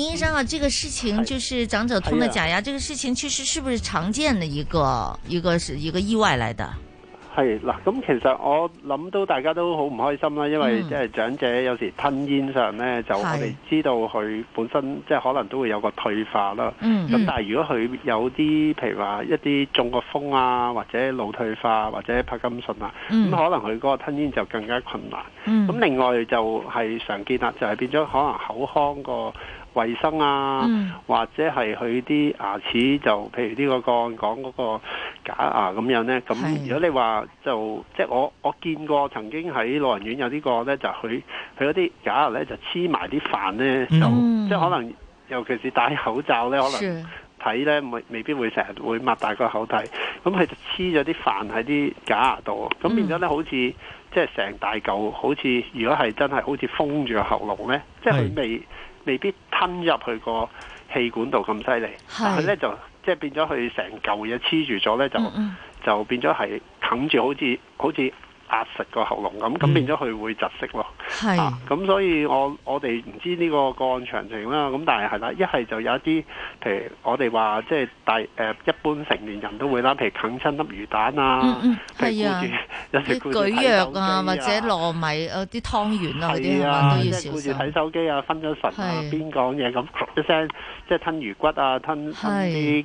醫生啊，這個事情就是長者吞的假牙，啊、這個事情其實是不是常見的一個一個是一個意外來的？係嗱，咁其實我諗到大家都好唔開心啦，因為即係長者有時吞咽上咧，嗯、就我哋知道佢本身即係可能都會有個退化啦。咁的但係如果佢有啲，譬如話一啲中個風啊，或者腦退化，或者帕金遜啊，咁、嗯、可能佢嗰個吞咽就更加困難。咁、嗯、另外就係常見啦就係、是、變咗可能口腔個。衛生啊，嗯、或者係佢啲牙齒就，譬如呢、呢個個案講嗰個假牙咁樣呢。咁如果你話就，是就即係我我見過曾經喺老人院有呢個呢，就佢佢嗰啲假牙呢，就黐埋啲飯呢。嗯、就即係可能尤其是戴口罩呢，可能睇呢是未未必會成日會擘大個口睇。咁佢就黐咗啲飯喺啲假牙度，咁變咗呢，好似即係成大嚿，好似如果係真係好似封住喉嚨呢，是即係佢未。未必吞入去個氣管度咁犀利，佢咧就即係變咗，佢成嚿嘢黐住咗咧，就變就，就變咗係冚住，好似好似。壓實個喉嚨咁，咁變咗佢會窒息咯。係，咁所以我我哋唔知呢個個案詳情啦。咁但係係啦，一係就有一啲，譬如我哋話即係大誒一般成年人都會啦，譬如啃親粒魚蛋啊，嗯嗯，係啊，有啲蒟蒻啊，或者糯米啊啲湯圓啊嗰啲啊，都要少少。顧住睇手機啊，分咗神啊，邊講嘢咁一聲，即係吞魚骨啊，吞啲誒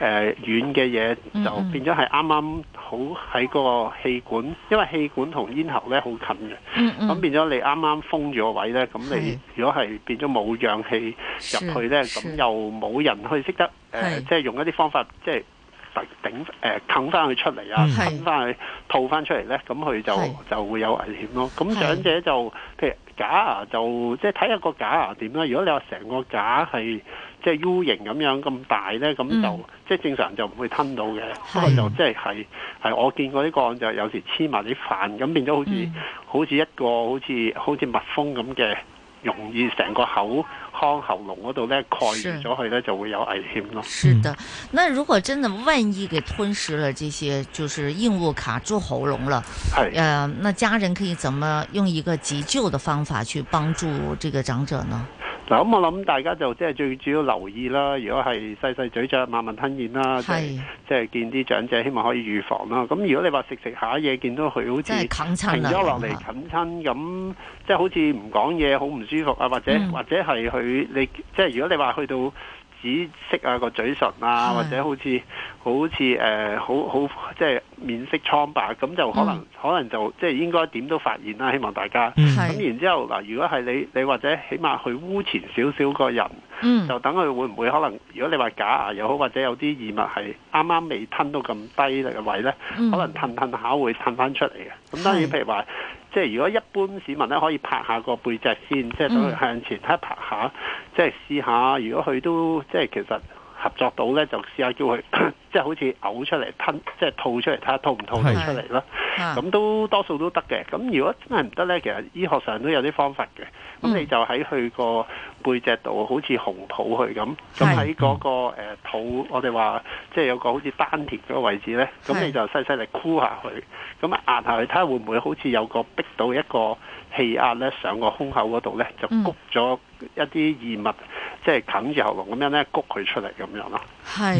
誒軟嘅嘢，就變咗係啱啱好喺嗰個氣管，因為，氣管同咽喉咧好近嘅，咁、嗯嗯、變咗你啱啱封住個位咧，咁你如果係變咗冇氧氣入去咧，咁是又冇人去識得誒，即係是、呃就是、用一啲方法，即、就、係、是、頂誒揼翻佢出嚟啊，揼翻佢吐翻出嚟咧，咁佢就是就會有危險咯。咁長者就是譬如假牙就即係睇下個假牙點啦。如果你話成個假係，即係 U 型咁樣咁大咧，咁就、嗯、即係正常就唔會吞到嘅。咁的就即係係係我見過呢個案就有時黐埋啲飯，咁變咗好似、嗯、好似一個好似好似蜜蜂咁嘅，容易成個口腔喉嚨嗰度咧蓋住咗佢咧，的就會有危險咯。是的，那如果真的萬一給吞食了這些就是硬物卡住喉嚨了，誒的、呃，那家人可以怎麼用一個急救的方法去幫助這個長者呢？嗱，咁我諗大家就即係最主要留意啦。如果係細細咀嚼、慢慢吞咽啦，即係即係見啲長者希望可以預防啦。咁如果你話食食下嘢，見到佢好似停咗落嚟啃親，咁即係好似唔講嘢，好唔舒服啊，或者、嗯、或者係佢你即係、就是、如果你話去到紫色啊個嘴唇啊，的或者好似。好似誒、呃、好好即係面色蒼白，咁就可能、嗯、可能就即係應該點都發現啦。希望大家咁、嗯、然之後嗱，如果係你你或者起碼去污前少少個人，嗯、就等佢會唔會可能？如果你話假牙又好，或者有啲異物係啱啱未吞到咁低嘅位呢，嗯、可能吞吞下會吞翻出嚟嘅。咁當然譬如話，是即係如果一般市民咧，可以拍下個背脊先，即係向前、嗯、一拍下，即係試下。如果佢都即係其實。合作到呢，就試下叫佢即係好似嘔出嚟，吞即係吐出嚟，睇、就、下、是、吐唔吐氣出嚟咯。咁是都、啊、多數都得嘅。咁如果真係唔得呢，其實醫學上都有啲方法嘅。咁、嗯、你就喺佢個背脊度，好似紅抱佢咁。咁喺嗰個誒是、呃、肚，我哋話即係有個好似丹田嗰個位置呢，咁你就細細力箍下佢，咁壓下佢，睇下會唔會好似有個逼到一個。氣壓咧上個胸口嗰度咧就谷咗一啲異物，即係啃住喉嚨咁樣咧谷佢出嚟咁樣咯，係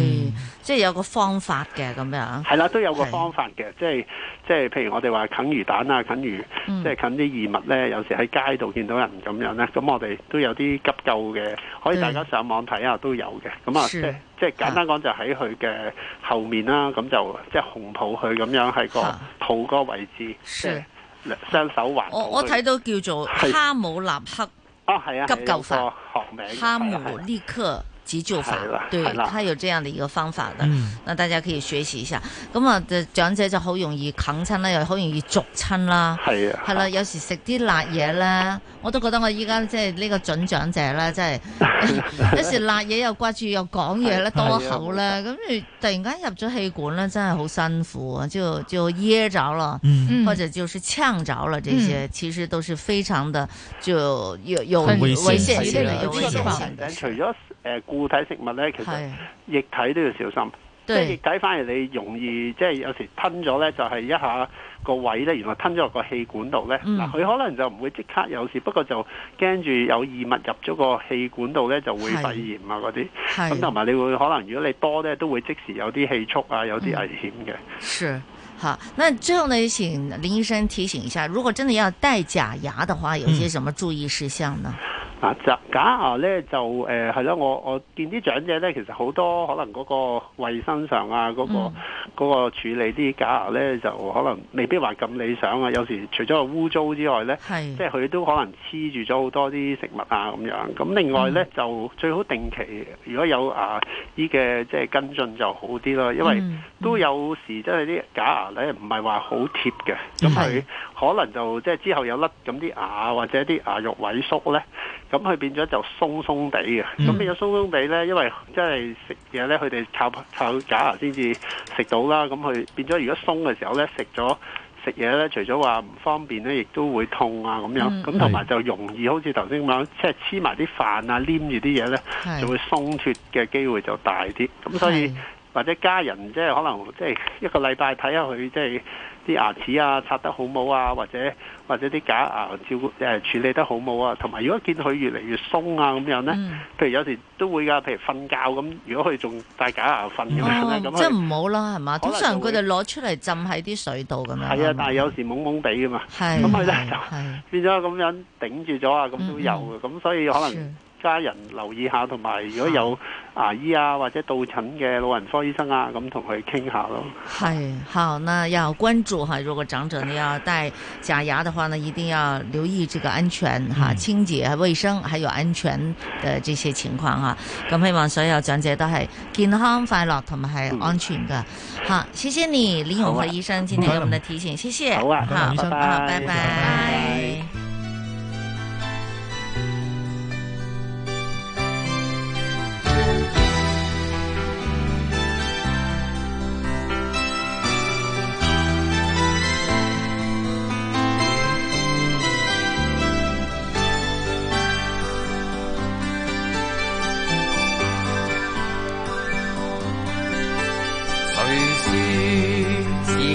即係有個方法嘅咁樣。係啦，都有個方法嘅，即係即係譬如我哋話啃魚蛋啊、啃魚，即係啃啲異物咧。有時喺街度見到人咁樣咧，咁我哋都有啲急救嘅，可以大家上網睇下都有嘅。咁啊，即係簡單簡單講就喺佢嘅後面啦，咁就即係紅抱佢咁樣喺個肚嗰個位置。雙手畫，我我睇到叫做哈姆立克啊，急救法，啊啊啊、學名哈姆立克。急救法，對，他有這樣的一個方法的，那大家可以學習一下。咁啊，長者就好容易啃親啦，又好容易燭親啦，係啊，係啦，有時食啲辣嘢咧，我都覺得我依家即係呢個準長者咧，即係有時辣嘢又掛住又講嘢咧多口咧，咁誒突然間入咗氣管咧，真係好辛苦啊，就就噎咗啦，或者就是嗆咗啦，這些其實都是非常的就有有危險性嘅。固體食物咧，其實液體都要小心，對即係液體反而你容易，即係有時吞咗咧，就係、是、一下個胃咧，原來吞咗落個氣管度咧，嗱佢、嗯、可能就唔會即刻有事，不過就驚住有異物入咗個氣管度咧，就會肺炎啊嗰啲，咁同埋你會可能如果你多咧，都會即時有啲氣促啊，有啲危險嘅。是吓，那最後呢，請林醫生提醒一下，如果真的要戴假牙的話，有些什麼注意事項呢？嗯啊，假牙咧就誒係咯，我我見啲長者咧，其實好多可能嗰個衞生上啊，嗰個嗰個、嗯、處理啲假牙咧，就可能未必話咁理想啊。有時除咗個污糟之外咧，是即係佢都可能黐住咗好多啲食物啊咁樣。咁另外咧、嗯、就最好定期如果有牙醫嘅即係跟進就好啲咯，因為都有時即係啲假牙咧唔係話好貼嘅，咁佢、嗯、可能就的即係之後有甩咁啲牙或者啲牙肉萎縮咧。咁佢變咗就鬆鬆地嘅，咁變咗鬆鬆地咧，因為即係食嘢咧，佢哋靠靠假牙先至食到啦。咁佢變咗如果鬆嘅時候咧，食咗食嘢咧，除咗話唔方便咧，亦都會痛啊咁樣。咁同埋就容易的好似頭先咁樣，即係黐埋啲飯啊，黏住啲嘢咧，就會鬆脱嘅機會就大啲。咁所以的或者家人即係、就是、可能即係、就是、一個禮拜睇下佢即係。就是啲牙齒啊，刷得好冇啊，或者或者啲假牙照誒處理得好冇啊，同埋如果見佢越嚟越鬆啊咁樣咧，譬如有時都會㗎，譬如瞓覺咁，如果佢仲戴假牙瞓咁樣咁即係唔好啦，係嘛？通常佢哋攞出嚟浸喺啲水度咁樣。係啊，但係有時懵懵地㗎嘛，咁佢咧就變咗咁樣頂住咗啊，咁都有嘅，咁所以可能。家人留意下，同埋如果有牙醫啊或者到診嘅老人科醫生啊，咁同佢傾下咯。係好，那要關注哈，如果長者呢要戴假牙嘅話呢，一定要留意這個安全哈、嗯、清潔、衛生，還有安全嘅這些情況哈。咁、嗯、希望所有長者都係健康、快樂同埋係安全噶。嗯、好謝謝你，李勇和醫生，今天俾我哋嘅提醒，嗯、謝謝，好啊，好，嗯、拜拜。拜拜拜拜。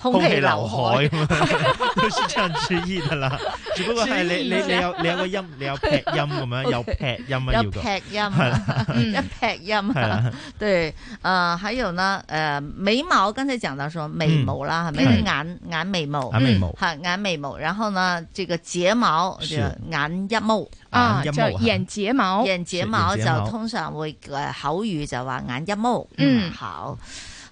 空氣劉海咁啊，都算值得注意的啦。只不過係你你你有你有個音，你有劈音咁樣，有劈音啊，有劈音，一劈音。係啦，對，誒，還有呢，誒，眉毛，剛才講到說眉毛啦，係咪？眼眼眉毛。眼眉毛。係眼眉毛。然後呢，這個睫毛就眼一毛啊，叫眼睫毛。眼睫毛就通常會誒口語就話眼一毛。嗯，好。